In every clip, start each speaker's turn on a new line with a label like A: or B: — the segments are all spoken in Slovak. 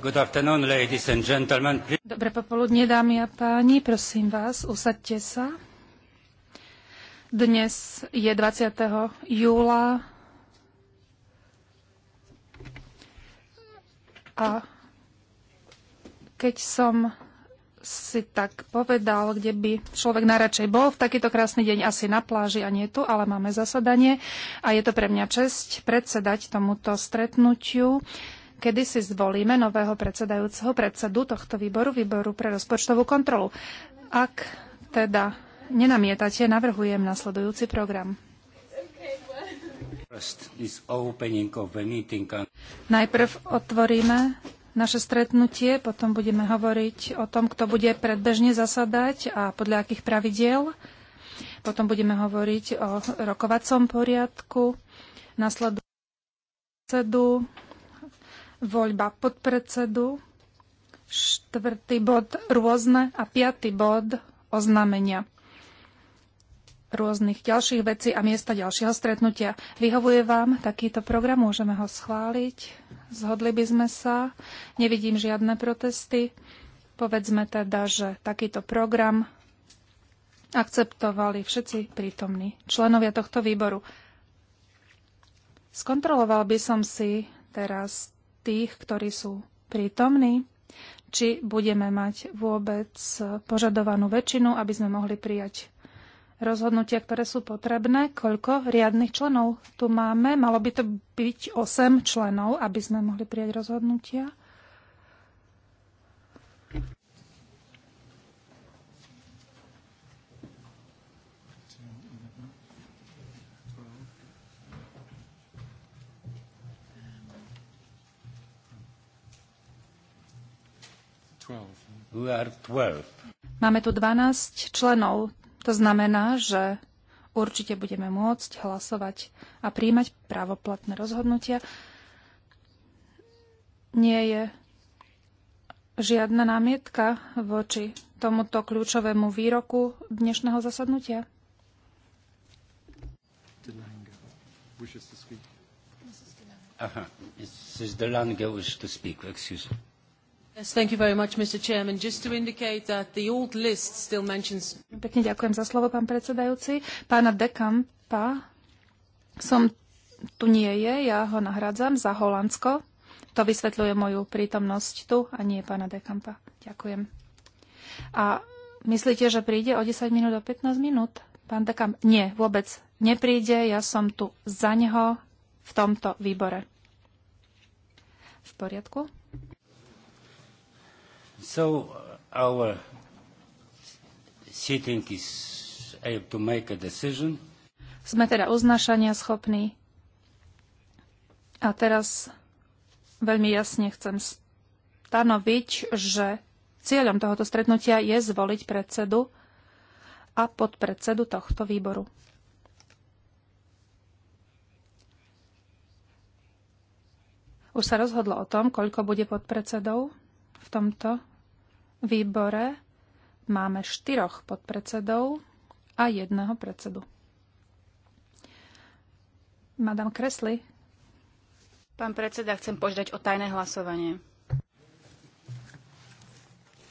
A: Dobré
B: popoludne, dámy a páni, prosím vás, usaďte sa. Dnes je 20. júla a keď som si tak povedal, kde by človek najradšej bol. V takýto krásny deň asi na pláži a nie tu, ale máme zasadanie a je to pre mňa česť predsedať tomuto stretnutiu kedy si zvolíme nového predsedajúceho predsedu tohto výboru, výboru pre rozpočtovú kontrolu. Ak teda nenamietate, navrhujem nasledujúci program. Najprv otvoríme naše stretnutie, potom budeme hovoriť o tom, kto bude predbežne zasadať a podľa akých pravidiel. Potom budeme hovoriť o rokovacom poriadku, nasledu voľba podpredsedu, štvrtý bod rôzne a piatý bod oznámenia rôznych ďalších vecí a miesta ďalšieho stretnutia. Vyhovuje vám takýto program? Môžeme ho schváliť? Zhodli by sme sa? Nevidím žiadne protesty. Povedzme teda, že takýto program akceptovali všetci prítomní členovia tohto výboru. Skontroloval by som si teraz tých, ktorí sú prítomní, či budeme mať vôbec požadovanú väčšinu, aby sme mohli prijať rozhodnutia, ktoré sú potrebné. Koľko riadnych členov tu máme? Malo by to byť 8 členov, aby sme mohli prijať rozhodnutia. Máme tu 12 členov. To znamená, že určite budeme môcť hlasovať a príjmať právoplatné rozhodnutia. Nie je žiadna námietka voči tomuto kľúčovému výroku dnešného zasadnutia?
A: Aha, Mrs. Lange wishes to speak, excuse me.
B: Pekne ďakujem za slovo, pán predsedajúci. Pána De Campa, som tu nie je, ja ho nahradzam za Holandsko. To vysvetľuje moju prítomnosť tu a nie pána Campa. Ďakujem. A myslíte, že príde o 10 minút, o 15 minút? Pán De Camp? nie, vôbec nepríde, ja som tu za neho v tomto výbore. V poriadku?
A: So uh, our sitting is able to make a decision.
B: Sme teda uznášania schopní. A teraz veľmi jasne chcem stanoviť, že cieľom tohoto stretnutia je zvoliť predsedu a podpredsedu tohto výboru. Už sa rozhodlo o tom, koľko bude podpredsedov v tomto výbore máme štyroch podpredsedov a jedného predsedu. Madam Kresli.
C: Pán predseda, chcem požiadať o tajné hlasovanie.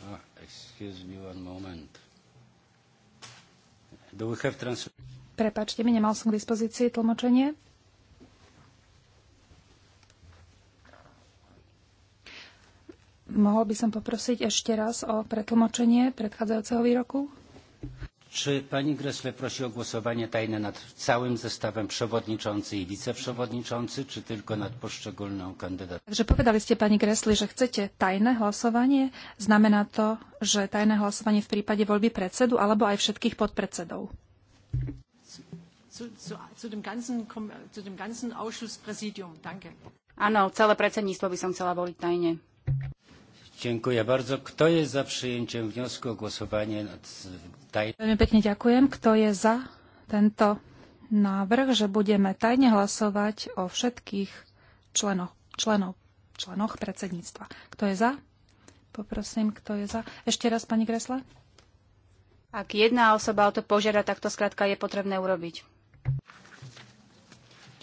A: Ah, excuse me one moment. Do we have trans-
B: Prepačte mi, nemal som k dispozícii tlmočenie. Mohol by som poprosiť ešte raz o pretlmočenie predchádzajúceho výroku?
A: Czy pani Gressle prosi o głosowanie tajne nad całym zestawem przewodniczący i wiceprzewodniczący, czy tylko nad poszczególną kandydatą?
B: Także powiedzieliście pani Gressle, że chcecie tajne głosowanie. Znamená to, że tajne głosowanie w przypadku wolby predsedu albo aj všetkých podpredsedov? Ano, całe predsednictwo by som chcela voliť tajne.
A: Dziękuję bardzo. Kto jest za przyjęciem wniosku o głosowanie nad tajnym...
B: Veľmi pekne ďakujem. Kto je za tento návrh, že budeme tajne hlasovať o všetkých členoch, členov, členoch predsedníctva. Kto je za? Poprosím, kto je za. Ešte raz, pani Gresla.
C: Ak jedna osoba o to požiada, tak to skrátka je potrebné urobiť.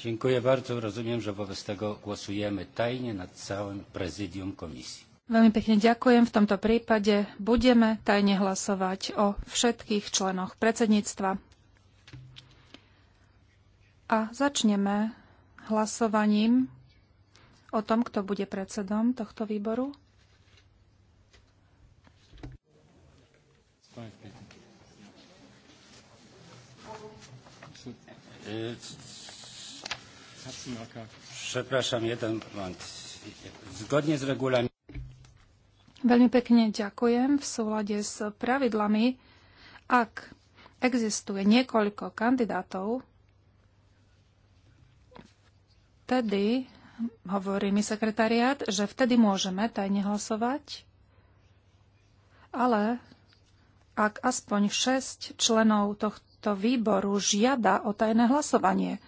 A: Dziękuję bardzo. Rozumiem, że wobec tego głosujemy tajnie nad całym prezydium komisji.
B: Veľmi pekne ďakujem. V tomto prípade budeme tajne hlasovať o všetkých členoch predsedníctva. A začneme hlasovaním o tom, kto bude predsedom tohto výboru.
A: Przepraszam, jeden moment. Zgodnie z regulaminem.
B: Veľmi pekne ďakujem. V súlade s pravidlami, ak existuje niekoľko kandidátov, vtedy, hovorí mi sekretariát, že vtedy môžeme tajne hlasovať, ale ak aspoň šesť členov tohto výboru žiada o tajné hlasovanie.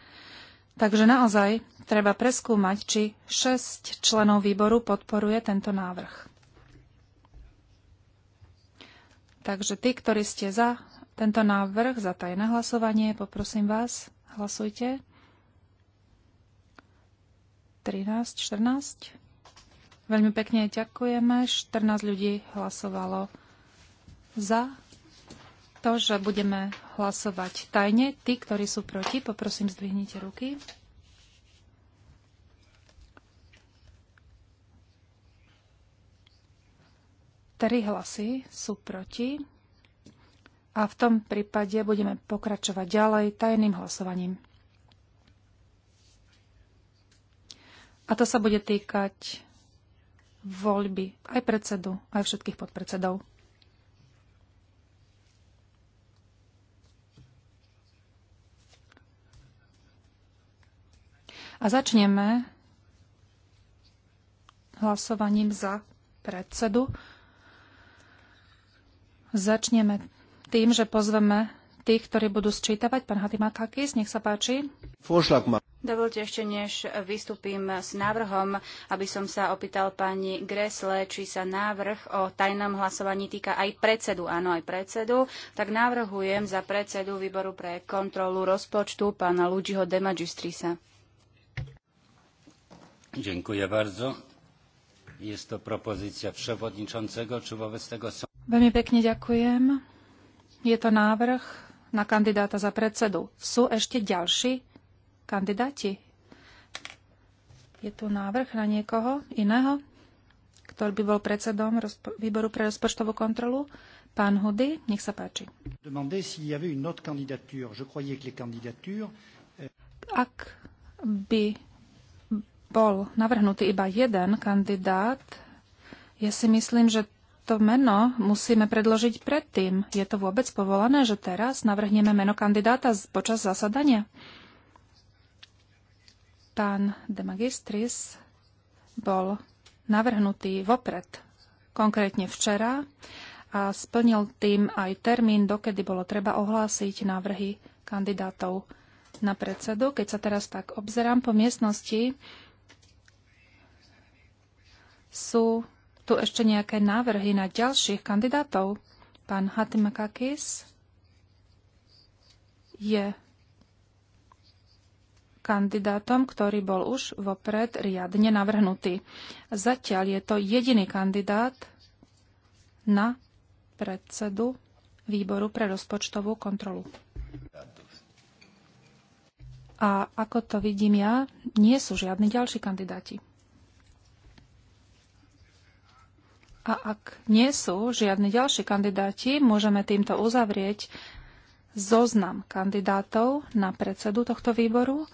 B: Takže naozaj treba preskúmať, či šesť členov výboru podporuje tento návrh. Takže tí, ktorí ste za tento návrh, za tajné hlasovanie, poprosím vás, hlasujte. 13, 14. Veľmi pekne ďakujeme. 14 ľudí hlasovalo za to, že budeme hlasovať tajne. Tí, ktorí sú proti, poprosím, zdvihnite ruky. Tri hlasy sú proti. A v tom prípade budeme pokračovať ďalej tajným hlasovaním. A to sa bude týkať voľby aj predsedu, aj všetkých podpredsedov. A začneme hlasovaním za predsedu. Začneme tým, že pozveme tých, ktorí budú sčítavať. Pán Hatimakakis, nech sa páči. Dovolte ešte, než vystúpim
C: s návrhom, aby som sa opýtal pani Gresle, či sa návrh o tajnom hlasovaní týka aj predsedu. Áno, aj predsedu. Tak návrhujem za predsedu výboru pre kontrolu rozpočtu pána Luigiho de Magistrisa.
A: Ďakujem bardzo. Je to propozícia przewodniczącego. Czy wobec tego są...
B: Veľmi pekne ďakujem. Je to návrh na kandidáta za predsedu. Sú ešte ďalší kandidáti? Je tu návrh na niekoho iného, ktorý by bol predsedom výboru pre rozpočtovú kontrolu? Pán Hudy, nech sa páči.
A: Euh,
B: Ak by bol navrhnutý iba jeden kandidát, ja si myslím, že to meno musíme predložiť predtým. Je to vôbec povolené, že teraz navrhneme meno kandidáta počas zasadania? Pán de Magistris bol navrhnutý vopred, konkrétne včera, a splnil tým aj termín, dokedy bolo treba ohlásiť návrhy kandidátov na predsedu. Keď sa teraz tak obzerám po miestnosti, sú tu ešte nejaké návrhy na ďalších kandidátov? Pán Hatimakakis je kandidátom, ktorý bol už vopred riadne navrhnutý. Zatiaľ je to jediný kandidát na predsedu výboru pre rozpočtovú kontrolu. A ako to vidím ja, nie sú žiadni ďalší kandidáti. A ak nie sú žiadni ďalší kandidáti, môžeme týmto uzavrieť zoznam kandidátov na predsedu tohto výboru.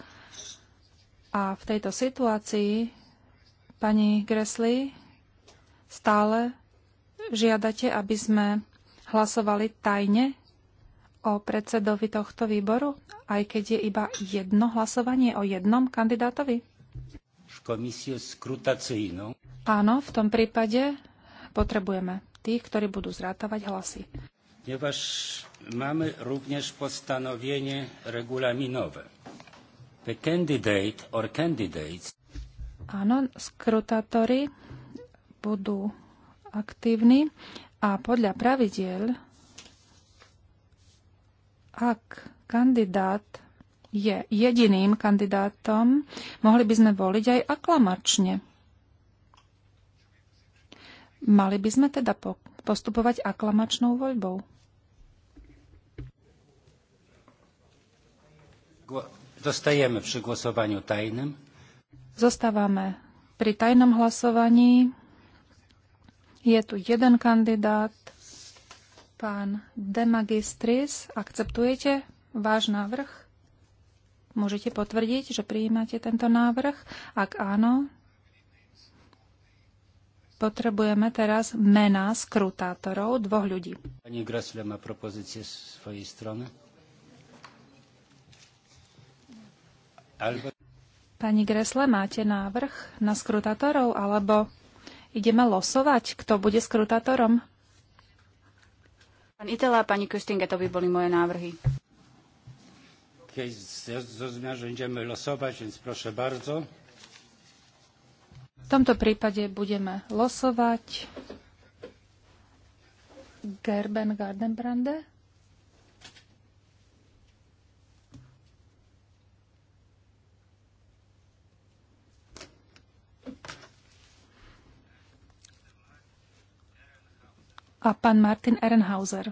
B: A v tejto situácii, pani Gresli, stále žiadate, aby sme hlasovali tajne o predsedovi tohto výboru, aj keď je iba jedno hlasovanie o jednom kandidátovi? No. Áno, v tom prípade Potrebujeme tých, ktorí budú zrátavať hlasy.
A: Ponieważ mamy również postanowienie regulaminowe. The candidate or candidates
B: Áno, skrutátori budú aktívni a podľa pravidiel, ak kandidát je jediným kandidátom, mohli by sme voliť aj aklamačne. Mali by sme teda postupovať aklamačnou voľbou.
A: Zostajeme pri hlasovaniu tajným.
B: Zostávame pri tajnom hlasovaní. Je tu jeden kandidát, pán de Magistris. Akceptujete váš návrh? Môžete potvrdiť, že prijímate tento návrh? Ak áno, Potrebujeme teraz mena skrutátorov dvoch ľudí.
A: Pani Grosle má propozície z svojej strany. Albo...
B: Pani Gresle, máte návrh na skrutátorov, alebo ideme losovať, kto bude skrutátorom? Pán Itela a
C: pani Kristinga, to by boli moje návrhy.
A: Keď zrozumiałem, že ideme losovať, więc proszę bardzo.
B: V tomto prípade budeme losovať Gerben Gardenbrande. a pán Martin Ehrenhauser.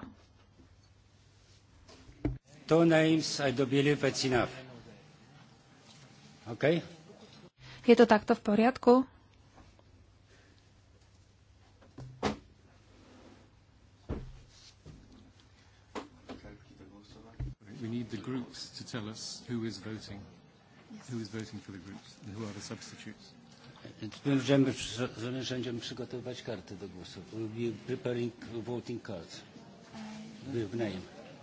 A: Two names, I do believe it's enough. Okay?
B: Je to takto v poriadku?
A: groups to tell us who is voting, yes. who is voting for the groups and who are the substitutes. Będziemy, będziemy przygotowywać karty do głosu. We'll be preparing voting cards. Uh, with name.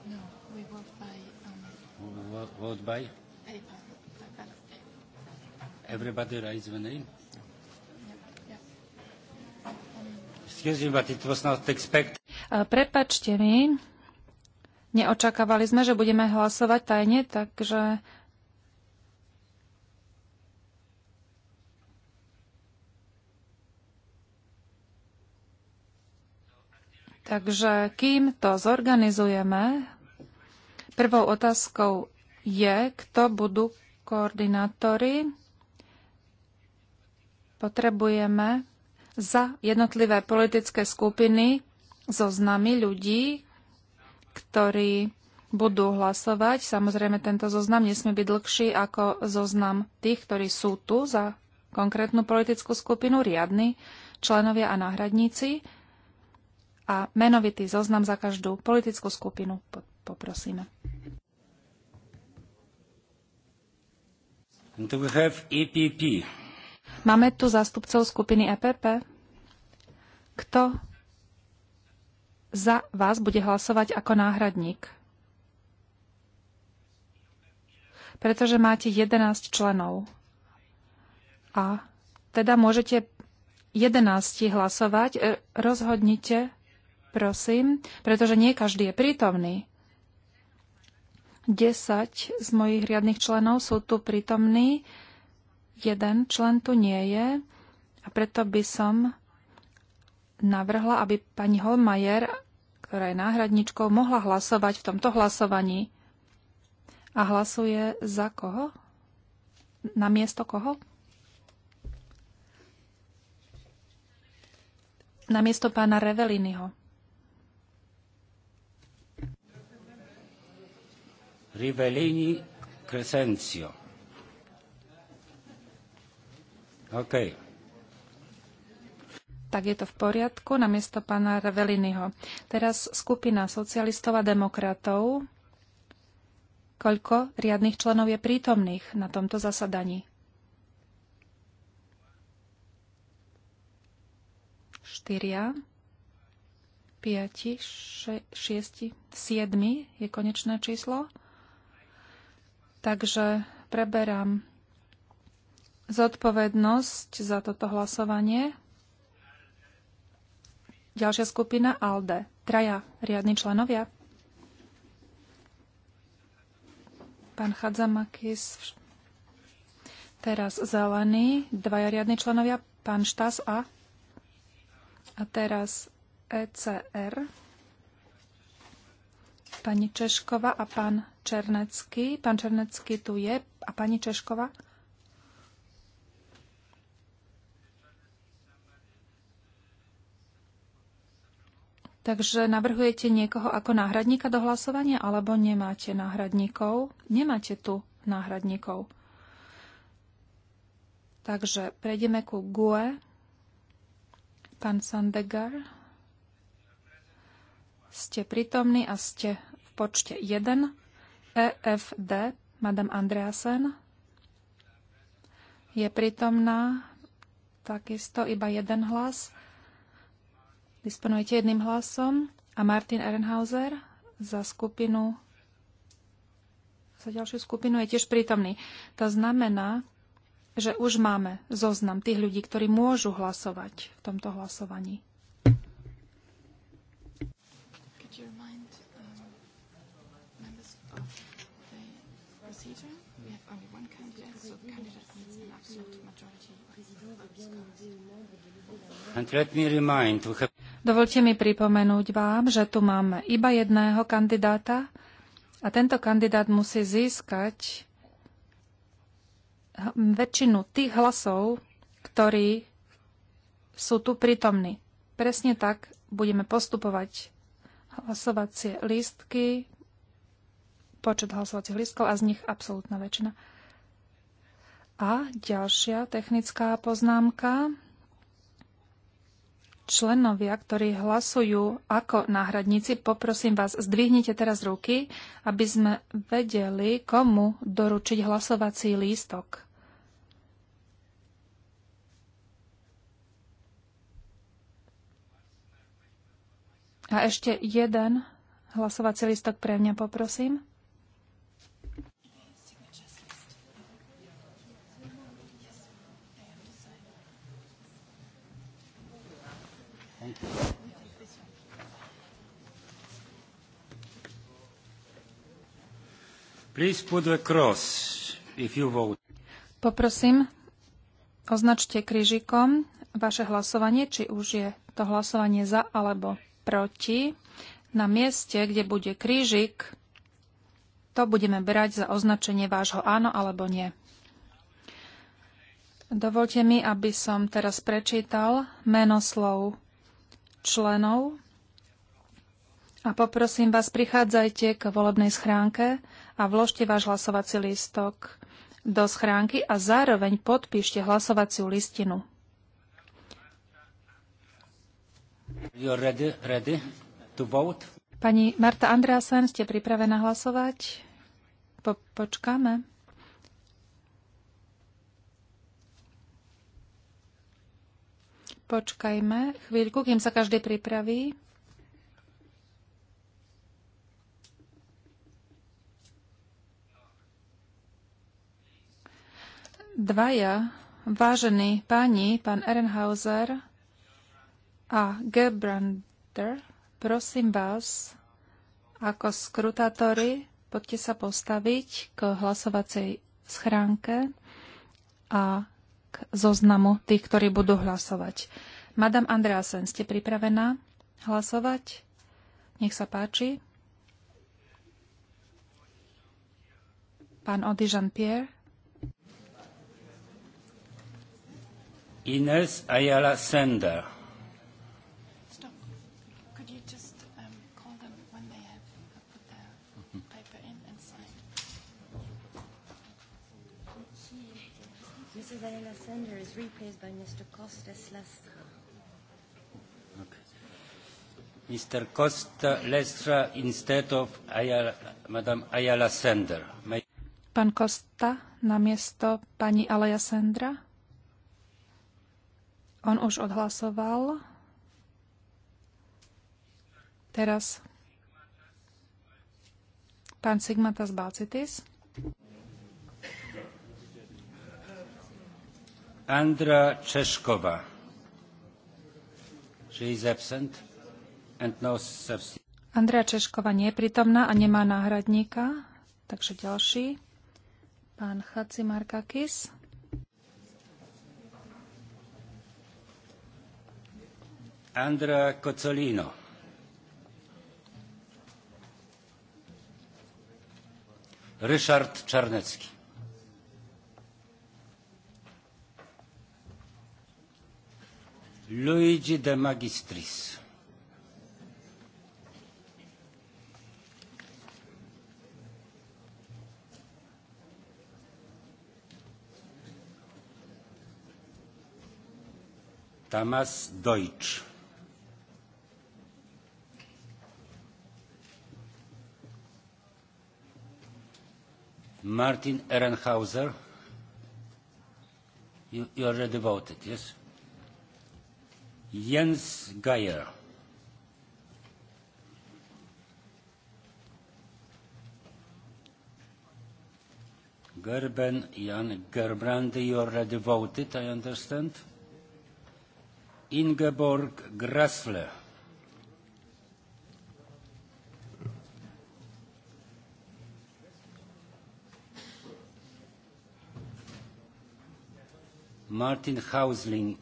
B: No, we vote by...
A: Um, vote, vote by? Everybody writes the name? Excuse me, but it was not expected.
B: Prepačte mi, Neočakávali sme, že budeme hlasovať tajne, takže Takže kým to zorganizujeme, prvou otázkou je, kto budú koordinátori. Potrebujeme za jednotlivé politické skupiny zoznamy ľudí, ktorí budú hlasovať. Samozrejme, tento zoznam nesmie byť dlhší ako zoznam tých, ktorí sú tu za konkrétnu politickú skupinu, riadni členovia a náhradníci. A menovitý zoznam za každú politickú skupinu poprosíme. E Máme tu zástupcov skupiny EPP. Kto za vás bude hlasovať ako náhradník. Pretože máte 11 členov. A teda môžete 11 hlasovať. E, rozhodnite, prosím, pretože nie každý je prítomný. 10 z mojich riadnych členov sú tu prítomní, jeden člen tu nie je a preto by som navrhla, aby pani Holmajer, ktorá je náhradničkou, mohla hlasovať v tomto hlasovaní. A hlasuje za koho? Na miesto koho? Na miesto pána Reveliniho.
A: Rivellini Crescencio. Okay
B: tak je to v poriadku, namiesto pána Raveliniho. Teraz skupina socialistov a demokratov. Koľko riadnych členov je prítomných na tomto zasadaní? 4, 5, 6, 7 je konečné číslo. Takže preberám zodpovednosť za toto hlasovanie. Ďalšia skupina ALDE. Traja riadni členovia. Pán Chadzamakis, teraz zelený, dvaja riadni členovia, pán Štas a a teraz ECR. Pani Češkova a pán Černecký. Pán Černecký tu je a pani Češkova. Takže navrhujete niekoho ako náhradníka do hlasovania, alebo nemáte náhradníkov? Nemáte tu náhradníkov. Takže prejdeme ku GUE. Pán Sandegar, ste prítomní a ste v počte 1. EFD, Madame Andreasen, je prítomná takisto iba jeden hlas. Disponujete jedným hlasom. A Martin Ehrenhauser za skupinu za ďalšiu skupinu je tiež prítomný. To znamená, že už máme zoznam tých ľudí, ktorí môžu hlasovať v tomto hlasovaní.
A: Um, And let me remind, we have
B: Dovolte mi pripomenúť vám, že tu máme iba jedného kandidáta a tento kandidát musí získať väčšinu tých hlasov, ktorí sú tu prítomní. Presne tak budeme postupovať hlasovacie lístky, počet hlasovacích lístkov a z nich absolútna väčšina. A ďalšia technická poznámka. Členovia, ktorí hlasujú ako náhradníci, poprosím vás, zdvihnite teraz ruky, aby sme vedeli, komu doručiť hlasovací lístok. A ešte jeden hlasovací lístok pre mňa, poprosím.
A: Please put cross if you vote.
B: Poprosím, označte krížikom vaše hlasovanie, či už je to hlasovanie za alebo proti. Na mieste, kde bude krížik, to budeme brať za označenie vášho áno alebo nie. Dovolte mi, aby som teraz prečítal meno slov členov a poprosím vás, prichádzajte k volebnej schránke a vložte váš hlasovací lístok do schránky a zároveň podpíšte hlasovaciu listinu.
A: Ready, ready
B: Pani Marta Andreasen, ste pripravená hlasovať? Po, počkáme. Počkajme chvíľku, kým sa každý pripraví. Dvaja vážení páni, pán Ehrenhauser a Gebrander, prosím vás, ako skrutátory, poďte sa postaviť k hlasovacej schránke a k zoznamu tých, ktorí budú hlasovať. Madame Andreasen, ste pripravená hlasovať? Nech sa páči. Pán Odi Jean-Pierre.
A: Ines Ayala Sender.
C: Alexander is replaced by Mr. Kostas Lastra.
A: Mr. Costa Lestra instead of Ayala, Madam Ayala Sender. May...
B: Pán Costa na miesto pani Alaya Sendra. On už odhlasoval. Teraz pán Sigmatas Balcitis.
A: Andra Češkova. She is absent and no substitute.
B: Andrea Češkova nie je prítomná a nemá náhradníka. Takže ďalší. Pán Chaci Markakis.
A: Andra Cozzolino. Ryszard Czarnecki. Luigi De Magistris. Tamas Deutsch. Martin Ehrenhauser. You, you already voted, yes? Jens Geier. Gerben Jan Gerbrandi, you already voted, I understand. Ingeborg Grassle. Martin Hausling.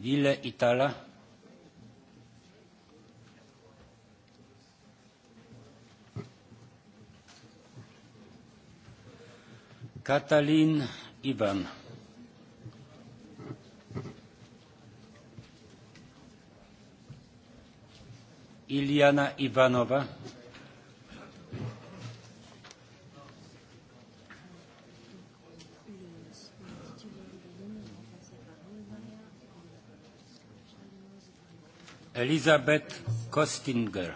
A: Ville Itala. Katalin Ivan. Iliana Ivanova. Elisabeth Kostinger.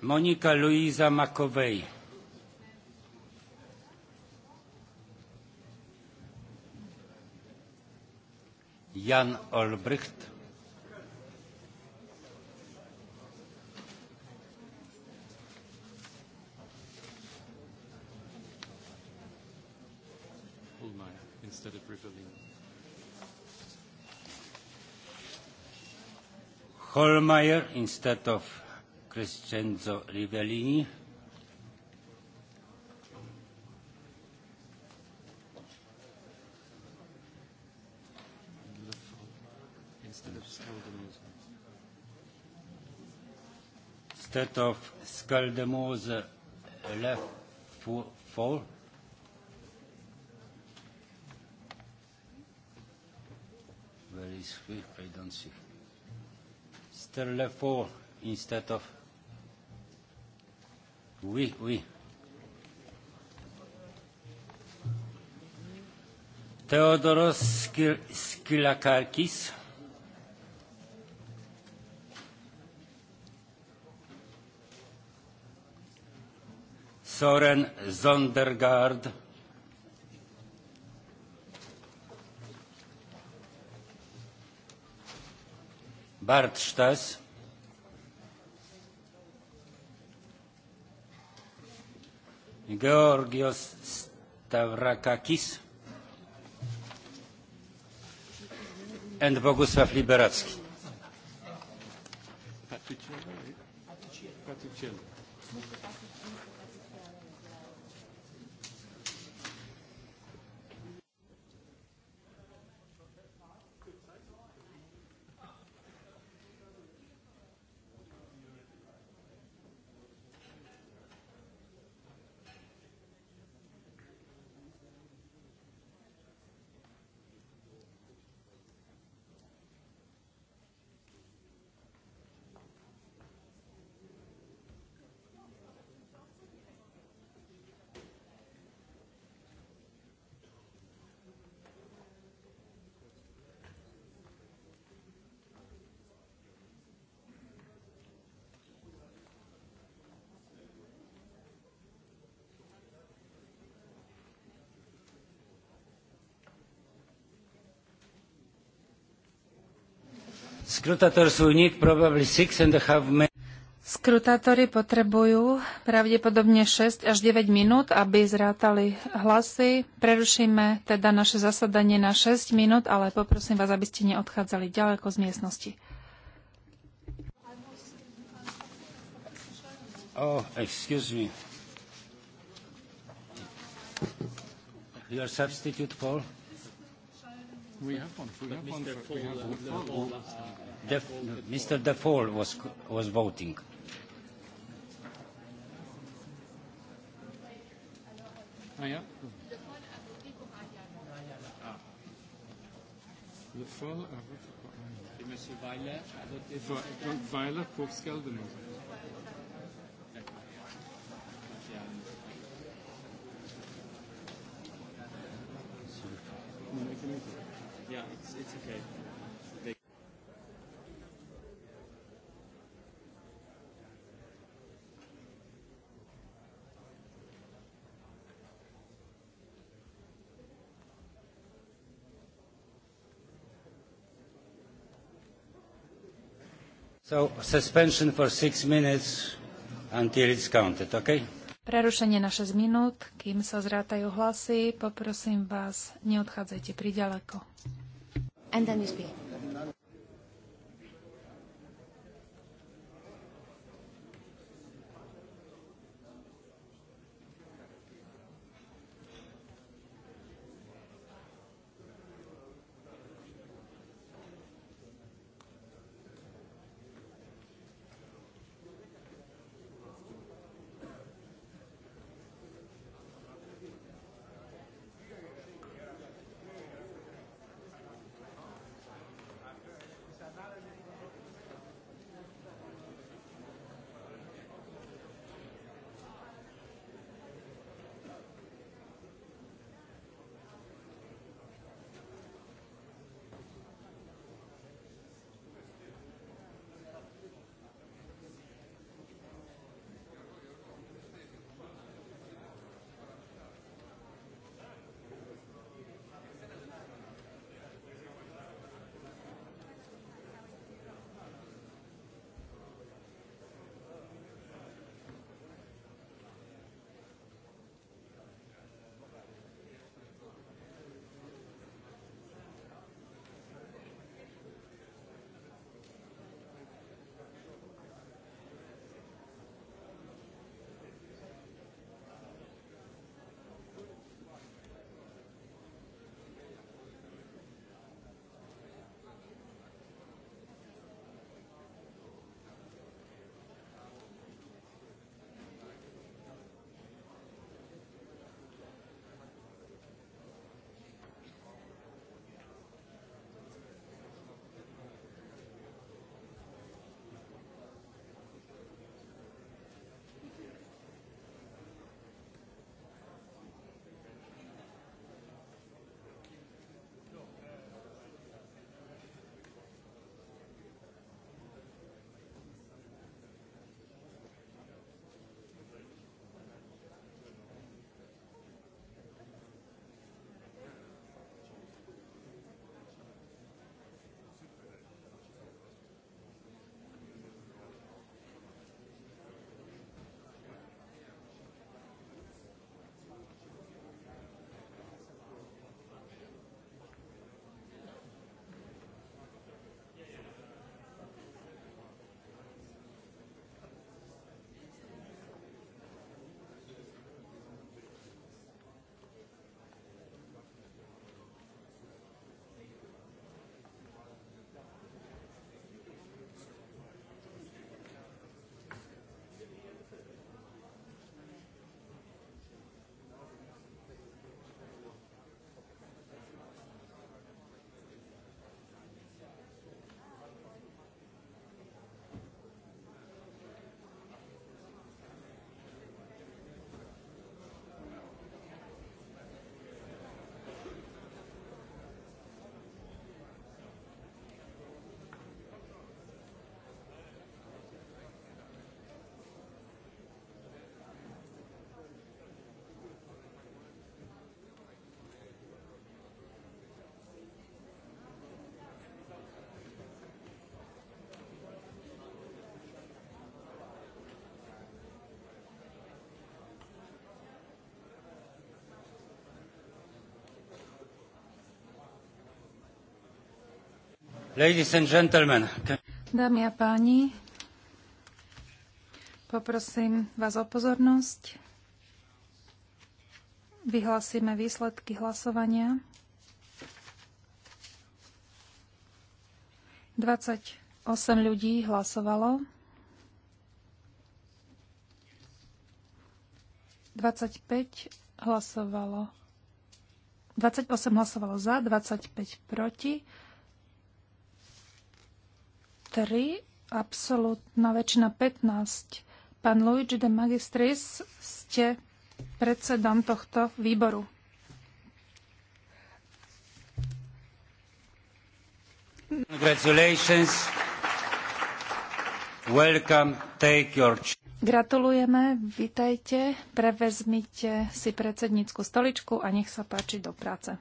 A: Monika Luisa Makovej. Jan Olbricht. Holmeyer instead of Crescenzo Rivellini. Instead of Scaldemose left for, for Where is he? I don't see. Mr. Lefort instead of... Oui, oui. Theodoros Skylakakis. Soren Zondergaard. Bart Stas. Georgios Stavrakakis and Bogusław Liberacki.
D: Patyciello. Patyciello.
B: Skrutátory potrebujú pravdepodobne 6 až 9 minút, aby zrátali hlasy. Prerušíme teda naše zasadanie na 6 minút, ale poprosím vás, aby ste neodchádzali ďaleko z miestnosti.
A: Oh, excuse me. Your substitute, Paul?
B: We have one. We have one. Def, Mr. Defoe
A: was, was voting.
B: Ah, ja? Le
D: ah.
A: uh, Weiler a voté pour... Weiler Yeah, it's, it's okay. So, suspension for six minutes until it's counted, okay?
B: Prerušenie na 6 minút, kým sa zrátajú hlasy, poprosím vás, neodchádzajte priďaleko and then you speak.
A: Ladies and gentlemen.
B: Dámy a páni, poprosím vás o pozornosť. Vyhlasíme výsledky hlasovania. 28 ľudí hlasovalo. 25 hlasovalo. 28 hlasovalo za, 25 proti. 3, absolútna väčšina 15. Pán Luigi de Magistris, ste predsedom tohto výboru.
A: Congratulations. Welcome. Take your...
B: Gratulujeme, vitajte, prevezmite si predsednícku stoličku a nech sa páči do práce.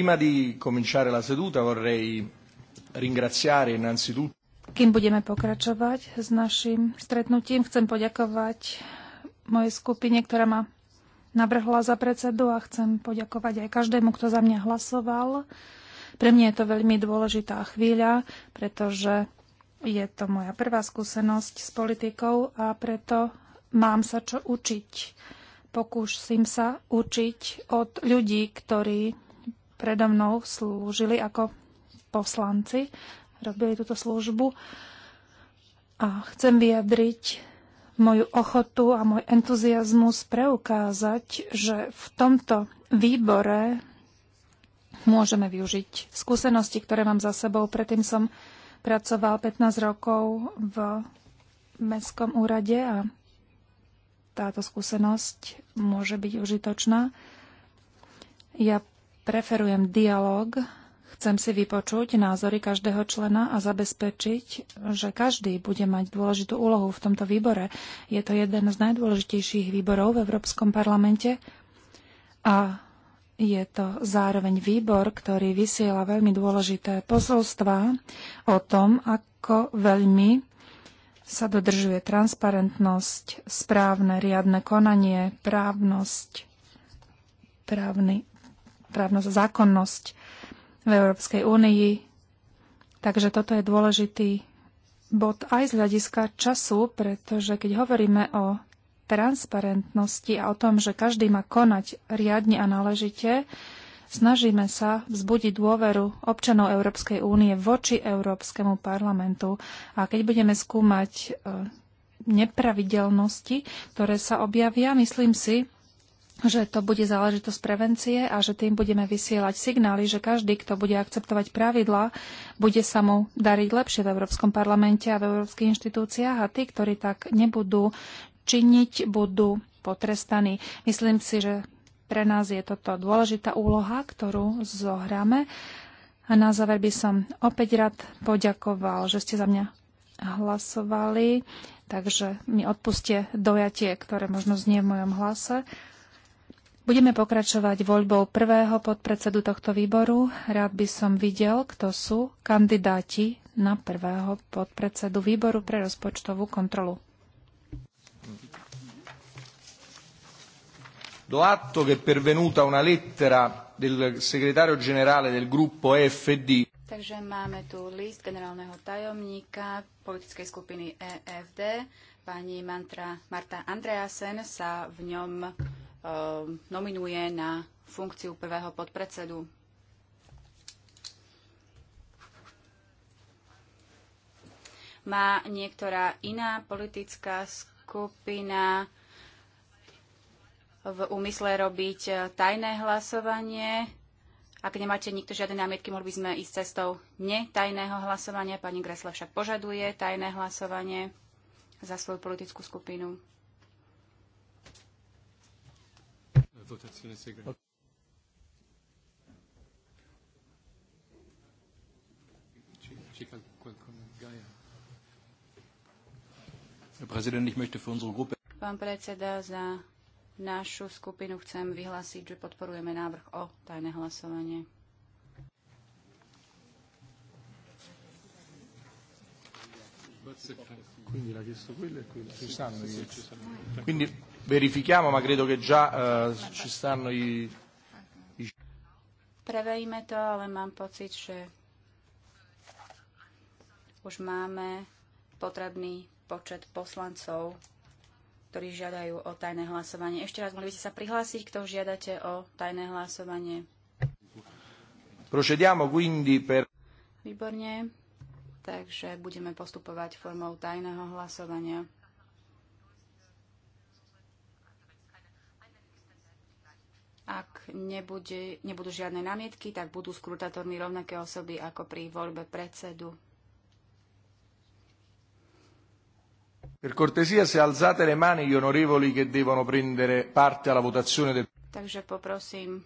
D: Prima di cominciare la seduta vorrei ringraziare innanzitutto
B: kým budeme pokračovať s našim stretnutím, chcem poďakovať mojej skupine, ktorá ma navrhla za predsedu a chcem poďakovať aj každému, kto za mňa hlasoval. Pre mňa je to veľmi dôležitá chvíľa, pretože je to moja prvá skúsenosť s politikou a preto mám sa čo učiť. Pokúsim sa učiť od ľudí, ktorí predo mnou slúžili ako poslanci, robili túto službu a chcem vyjadriť moju ochotu a môj entuziasmus preukázať, že v tomto výbore môžeme využiť skúsenosti, ktoré mám za sebou. Predtým som pracoval 15 rokov v mestskom úrade a táto skúsenosť môže byť užitočná. Ja preferujem dialog, chcem si vypočuť názory každého člena a zabezpečiť, že každý bude mať dôležitú úlohu v tomto výbore. Je to jeden z najdôležitejších výborov v Európskom parlamente a je to zároveň výbor, ktorý vysiela veľmi dôležité posolstva o tom, ako veľmi sa dodržuje transparentnosť, správne, riadne konanie, právnosť, právny právnosť a zákonnosť v Európskej únii. Takže toto je dôležitý bod aj z hľadiska času, pretože keď hovoríme o transparentnosti a o tom, že každý má konať riadne a náležite, snažíme sa vzbudiť dôveru občanov Európskej únie voči Európskemu parlamentu. A keď budeme skúmať e, nepravidelnosti, ktoré sa objavia, myslím si, že to bude záležitosť prevencie a že tým budeme vysielať signály, že každý, kto bude akceptovať pravidla, bude sa mu dariť lepšie v Európskom parlamente a v európskych inštitúciách a tí, ktorí tak nebudú činiť, budú potrestaní. Myslím si, že pre nás je toto dôležitá úloha, ktorú zohráme. A na záver by som opäť rád poďakoval, že ste za mňa hlasovali, takže mi odpuste dojatie, ktoré možno znie v mojom hlase. Budeme pokračovať voľbou prvého podpredsedu tohto výboru. Rád by som videl, kto sú kandidáti na prvého podpredsedu výboru pre rozpočtovú kontrolu.
D: Do atto che pervenuta una lettera del segretario generale del gruppo EFD.
C: Takže máme tu list generálneho tajomníka politickej skupiny EFD. Pani Mantra Marta Andreasen sa v ňom Ehm, nominuje na funkciu prvého podpredsedu. Má niektorá iná politická skupina v úmysle robiť e, tajné hlasovanie. Ak nemáte nikto žiadne námietky, mohli by sme ísť cestou netajného hlasovania. Pani Gresla však požaduje tajné hlasovanie za svoju politickú skupinu.
A: votazione segreta. Okay.
C: Pán predseda, za našu skupinu chcem vyhlásiť, že podporujeme návrh o tajné hlasovanie.
D: Quindi l'ha chiesto quello e quello, ci stanno Quindi verifichiamo, ma credo che già uh, ci stanno i, i...
C: Preveríme to, ale mám pocit, že už máme potrebný počet poslancov, ktorí žiadajú o tajné hlasovanie. Ešte raz, mohli by ste sa prihlásiť, kto žiadate o tajné hlasovanie.
D: Procediamo quindi per...
C: Výborne, takže budeme postupovať formou tajného hlasovania. Ak nebude, nebudú žiadne námietky, tak budú skrutátormi rovnaké osoby ako pri voľbe predsedu.
D: Per cortesia, se alzate le mani gli onorevoli che devono prendere parte alla votazione del...
C: Takže poprosím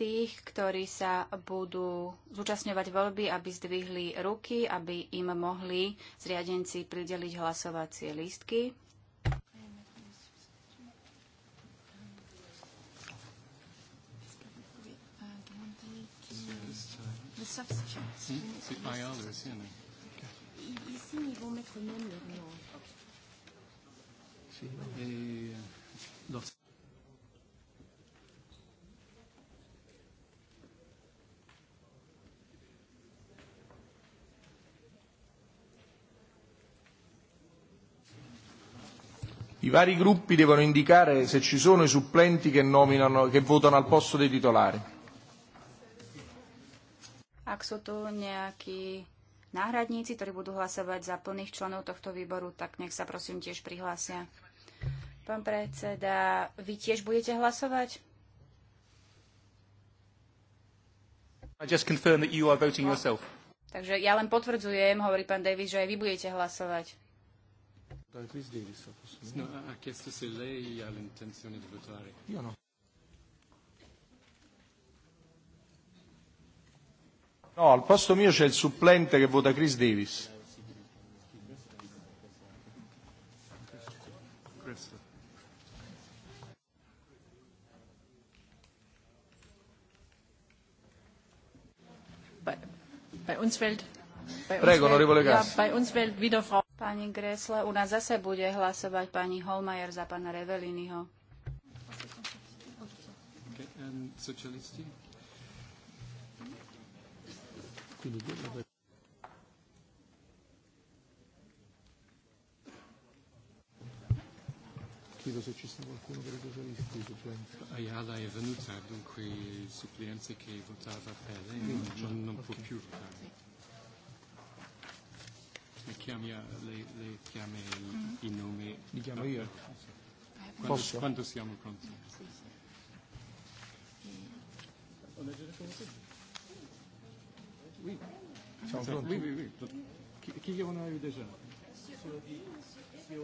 C: tých, ktorí sa budú zúčastňovať voľby, aby zdvihli ruky, aby im mohli zriadenci prideliť hlasovacie lístky. c'est
B: pas grave, ils vont mettre même leur nom.
D: et euh, I vari gruppi devono indicare se ci sono i supplenti che, nominano, che votano al posto dei titolari
C: sú tu nejakí náhradníci, ktorí budú hlasovať za plných členov tohto výboru, tak nech sa prosím tiež prihlásia. Pán predseda, vy tiež budete hlasovať?
A: yourself.
C: Takže ja len potvrdzujem, hovorí pán Davis, že aj vy budete hlasovať.
A: Davis Davis, no, ha chiesto se di votare.
D: Io no. No, al posto mio c'è il supplente che vota Chris Davis.
C: Prego, onorevole wählt, Pani Gresle, u nás zase bude hlasovať pani Holmajer za pána Reveliniho.
D: Okay, um, socialisti quindi dovrebbe chiedo se ci sta qualcuno per i socialisti supplente
A: Ayala è venuta dunque il
D: che votava per lei non, non, non okay. può più votare le chiami, le, le chiami mm-hmm. i nomi li chiamo io
A: quando, Posso? quando siamo pronti
D: sì, sì. Oui, oui, oui.
A: oui. Qui, qui en a eu déjà
D: Sur, sur,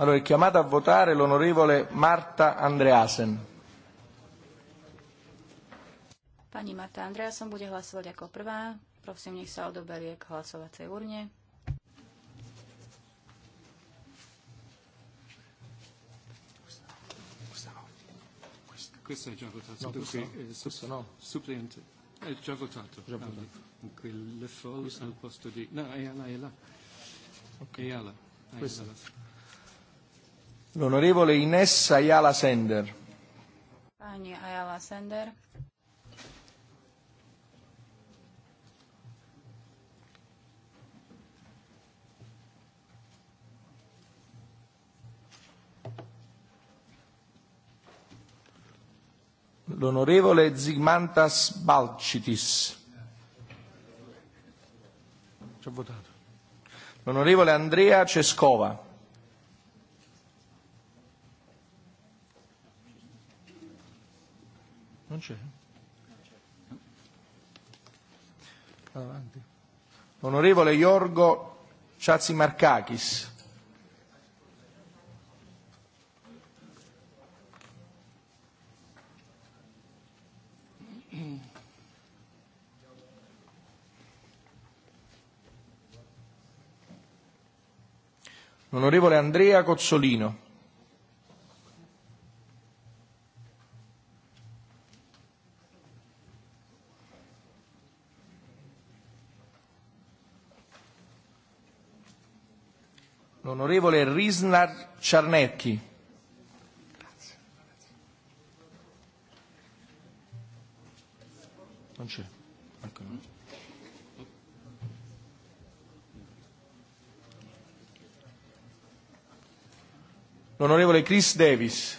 D: Allora è chiamata a votare l'onorevole Marta Andreasen.
C: Pani Marta Andreasen bude hlasovať ako prvá. Prosím, nech sa odoberie k hlasovacej urne.
D: Questa è già votata, no, questo, no. Eh, questo no. Suppliente. È già votato. Già votato. Allora, ah, le folle al posto di... No, è là, è là. Okay. È là. È là. L'onorevole Ines Ayala Sender.
C: Pani Ayala Sender.
D: L'onorevole Zigmantas Balcitis. L'onorevole Andrea Cescova. c'è. Avanti. Onorevole Iorgo Marcakis, Onorevole Andrea Cozzolino. l'onorevole Risnar Ciarnecchi. Non c'è. Ecco. L'onorevole Chris Davis.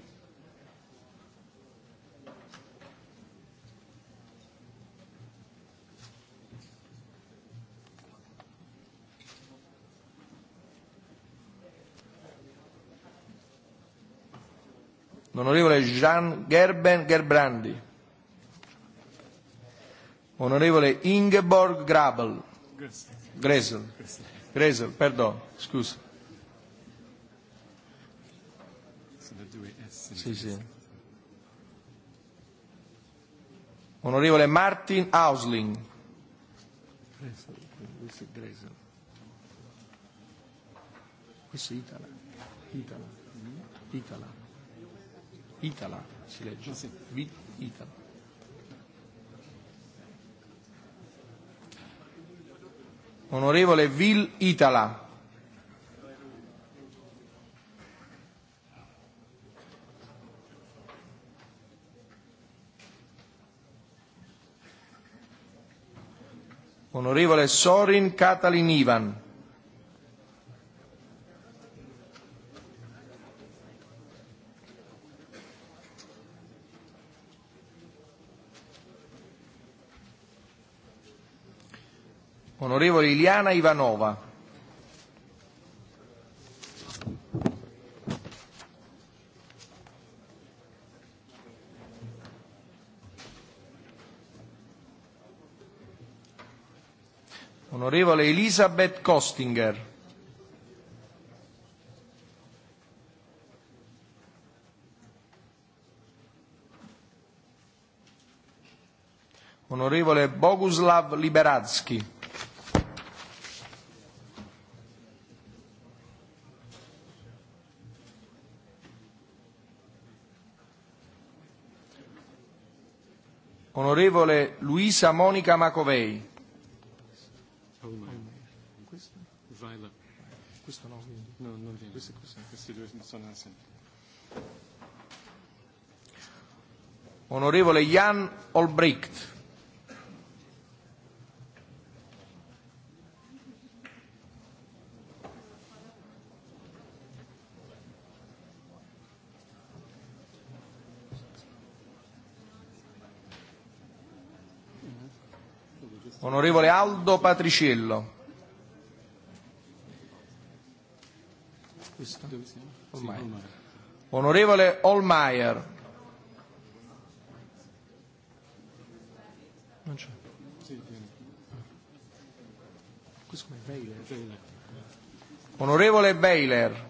D: Jean Gerben Gerbrandi. Onorevole Ingeborg Grabel. Gresel. Gresel, perdono, scusa. Sì, sì. Onorevole Martin Ausling. Questo è Gresel. Questo è Itala. Itala. Itala, si legge. Sì. Itala. Onorevole Vil Itala. Onorevole Sorin Katalin Ivan. Iliana Ivanova. Onorevole Elisabeth Kostinger. Onorevole Boguslav Liberadzki. onorevole Luisa Monica Macovei. Questo no, no, sono assenti. Onorevole Jan Olbricht. Onorevole Aldo Patriciello. Ormai. Onorevole Olmaier. Non c'è. Ah. Onorevole Bailer.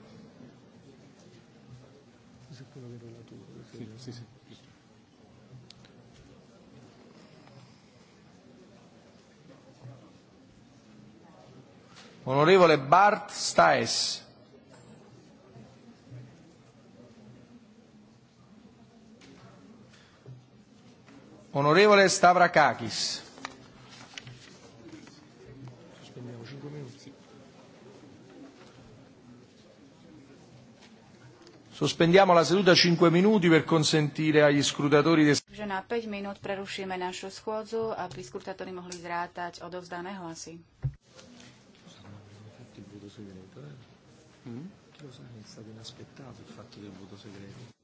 D: Onorevole Bart Staes. Onorevole Stavrakakis. Sospendiamo la seduta 5 minuti per consentire agli scrutatori di...
C: Že na 5 minút prerušíme našu schôdzu, aby skrutátori mohli zrátať odovzdané hlasy.
D: cosa è stato inaspettato il fatto del voto segreto.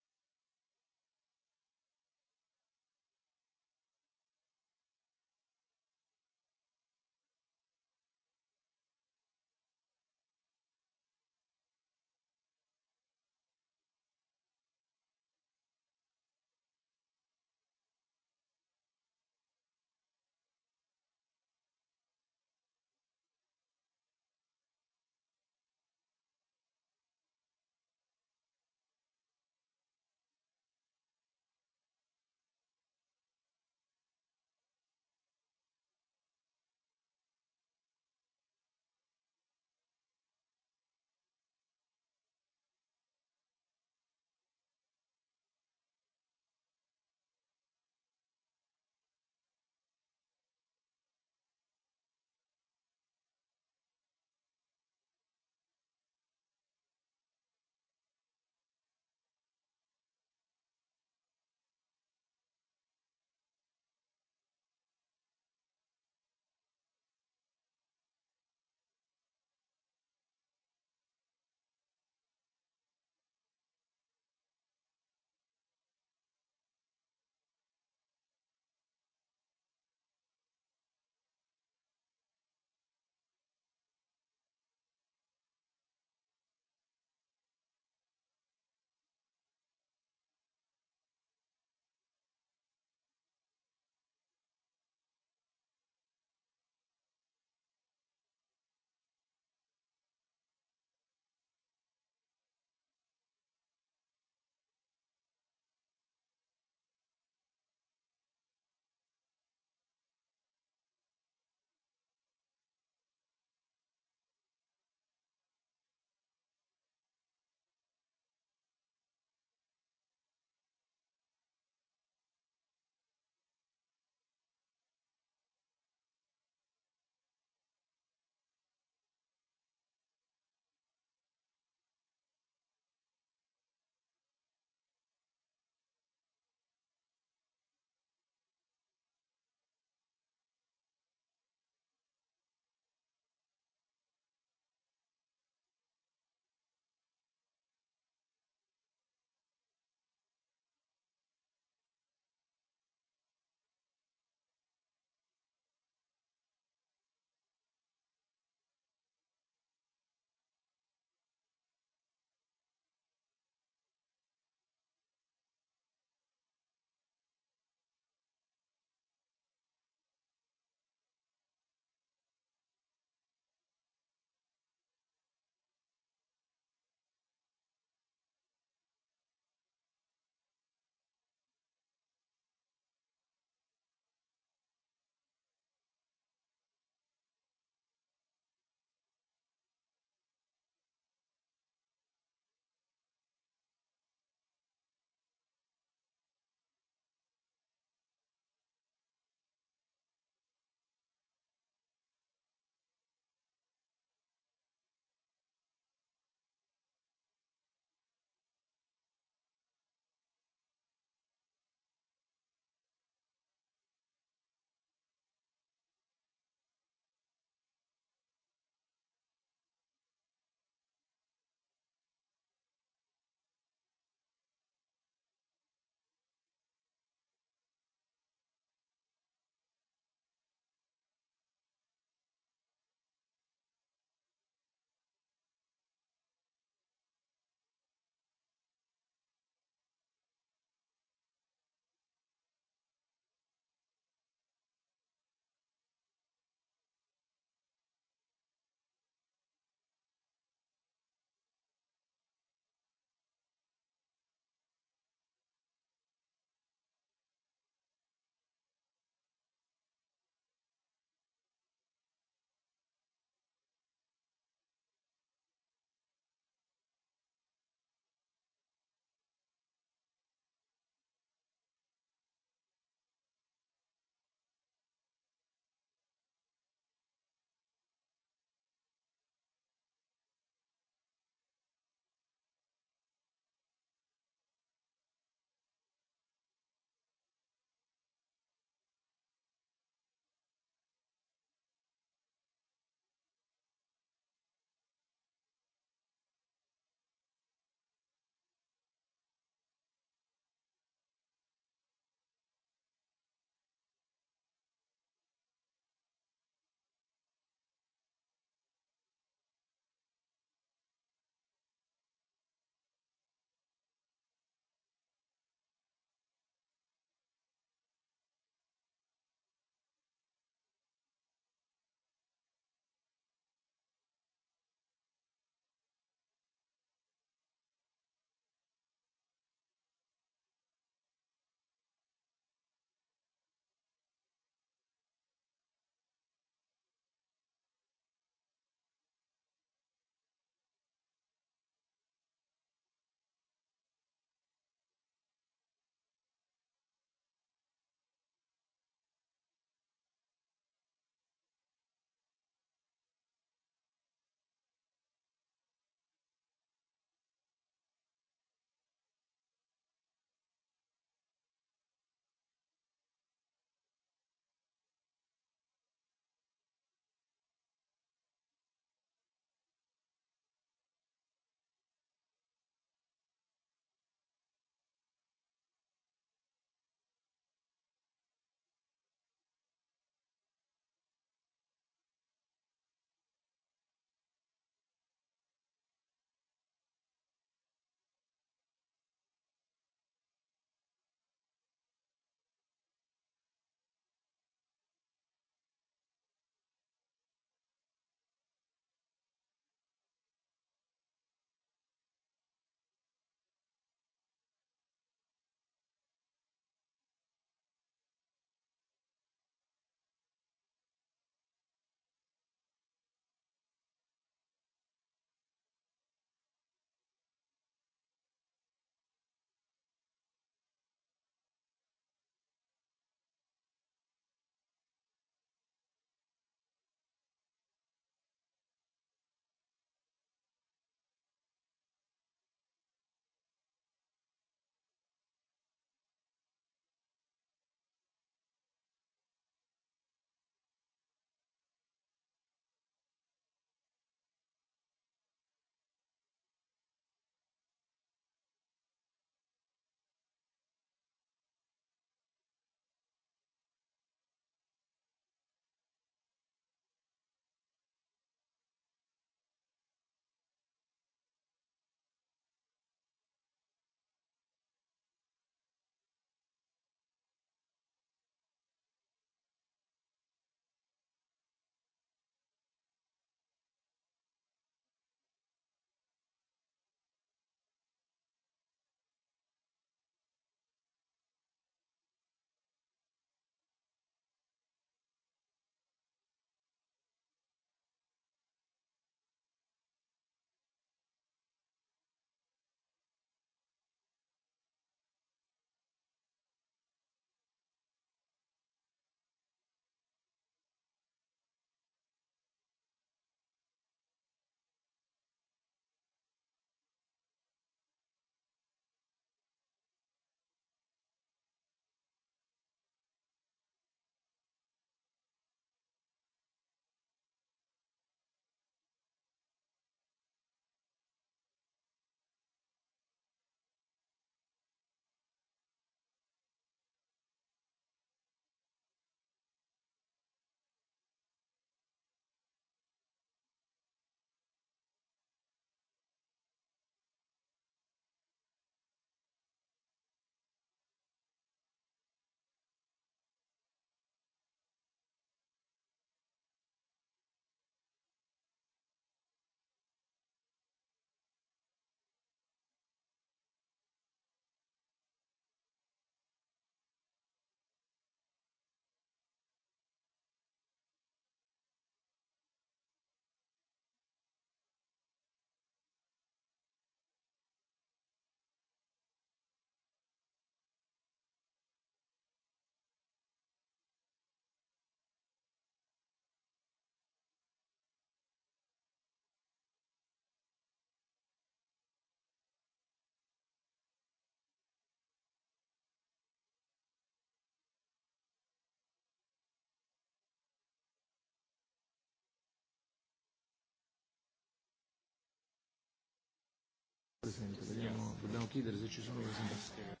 D: dobbiamo chiedere se ci sono presentazioni.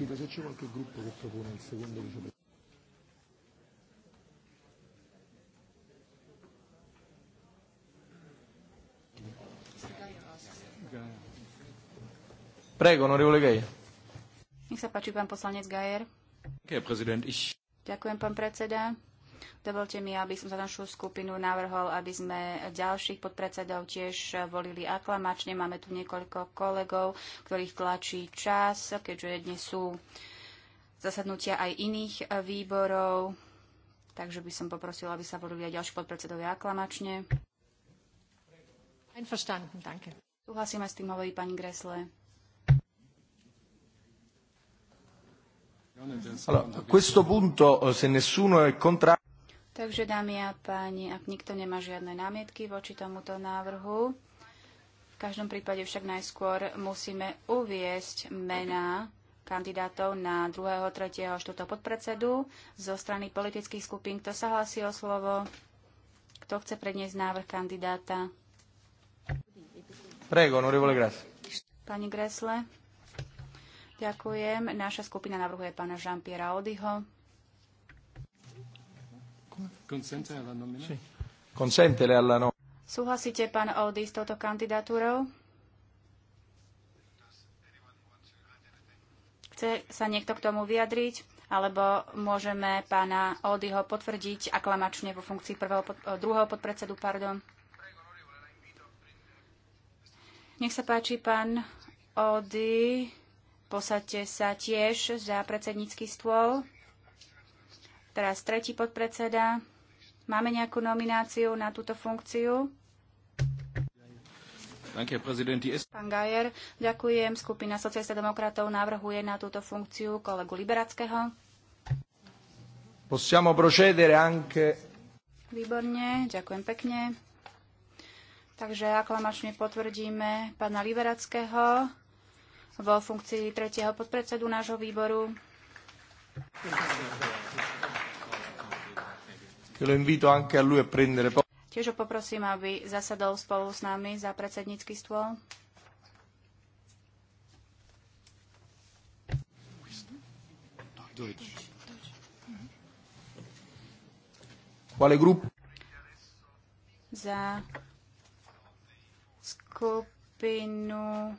D: chiedo se c'è qualche gruppo che propone il secondo vicepresidente. Prego, onorevole Gajer.
C: Nech sa páči, pán poslanec Gajer. Ďakujem, pán predseda. Dovolte mi, aby som za našu skupinu navrhol, aby sme ďalších podpredsedov tiež volili aklamačne. Máme tu niekoľko kolegov, ktorých tlačí čas, keďže dnes sú zasadnutia aj iných výborov. Takže by som poprosila, aby sa volili aj ďalší podpredsedovia aklamačne. Einverstanden, danke. Súhlasíme s tým, hovorí pani Gresle.
D: a questo punto, eh, se nessuno è contrario...
C: Takže, dámy a páni, ak nikto nemá žiadne námietky voči tomuto návrhu, v každom prípade však najskôr musíme uviesť mená kandidátov na 2., 3., 4. podpredsedu zo strany politických skupín. Kto sa hlasí o slovo? Kto chce predniesť návrh kandidáta?
D: Prego, onorevole Gras.
C: Pani Gresle. Ďakujem. Naša skupina navrhuje pána Jean-Pierre Audiho. Súhlasíte, pán Oldy, s touto kandidatúrou? Chce sa niekto k tomu vyjadriť? Alebo môžeme pána Oldyho potvrdiť aklamačne vo funkcii prvého, eh, druhého podpredsedu? Pardon. Nech sa páči, pán Oldy. Posaďte sa tiež za predsednícky stôl. Teraz tretí podpredseda. Máme nejakú nomináciu na túto funkciu? Pán Gajer, ďakujem. Skupina socialista demokratov navrhuje na túto funkciu kolegu Liberackého.
D: Possiamo procedere anche...
C: Výborne, ďakujem pekne. Takže aklamačne potvrdíme pána Liberackého vo funkcii tretieho podpredsedu nášho výboru.
A: Ďakujem
D: che lo invito anche a lui a prendere posto.
C: Tiež ho poprosím, aby zasadol spolu s nami za predsednícky stôl. Quale gruppo? Za skupinu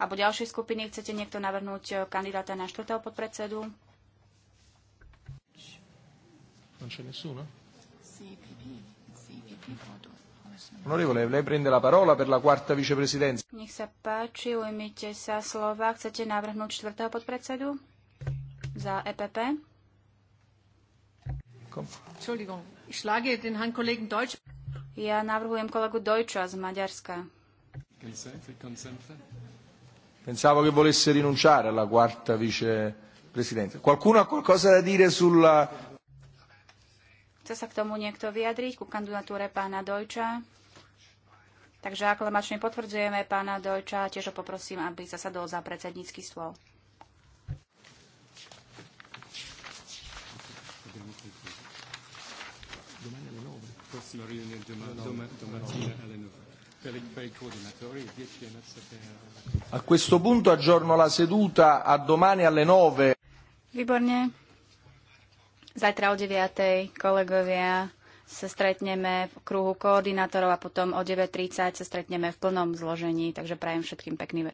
C: alebo ďalšej skupiny chcete niekto navrhnúť kandidáta na štvrtého podpredsedu?
D: Non c'è nessuno? Onorevole, lei prende la parola per la quarta vicepresidenza.
C: Nech sa páči, ujmite sa slova. Chcete navrhnúť čtvrtého podpredsedu za EPP? Entschuldigung, ich schlage den Herrn Kollegen Deutsch. Ja navrhujem kolegu Deutscha z Maďarska.
D: Pensavo che volesse rinunciare alla quarta vicepresidenza. Qualcuno ha qualcosa da dire sulla
C: Chce sa k tomu niekto vyjadriť, ku kandidatúre pána Dojča? Takže aklamačne potvrdzujeme pána Dojča. Tiež ho poprosím, aby zasadol za predsednícky stôl.
D: A questo punto aggiorno la seduta a domani alle 9.
C: Výborne. Zajtra o 9. kolegovia sa stretneme v kruhu koordinátorov a potom o 9.30 sa stretneme v plnom zložení. Takže prajem všetkým pekný večer.